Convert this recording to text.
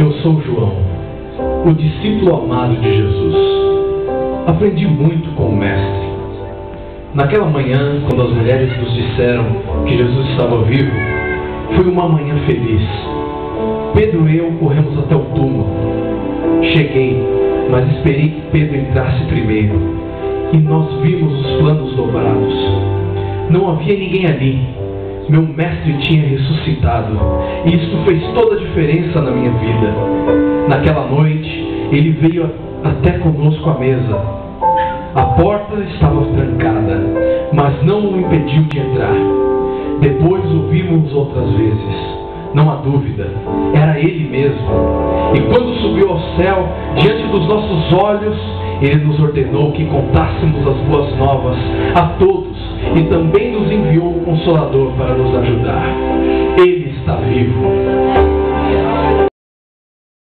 Eu sou João, o discípulo amado de Jesus. Aprendi muito com o Mestre. Naquela manhã, quando as mulheres nos disseram que Jesus estava vivo, foi uma manhã feliz. Pedro e eu corremos até o túmulo. Cheguei, mas esperei que Pedro entrasse primeiro. E nós vimos os planos dobrados. Não havia ninguém ali, meu mestre tinha ressuscitado. E isso fez toda a diferença na minha vida. Naquela noite, ele veio até conosco à mesa. A porta estava trancada, mas não o impediu de entrar. Depois ouvimos outras vezes. Não há dúvida, era ele mesmo. E quando subiu ao céu, diante dos nossos olhos, ele nos ordenou que contássemos as boas novas a todos e também nos enviou o Consolador para nos ajudar. Ele está vivo.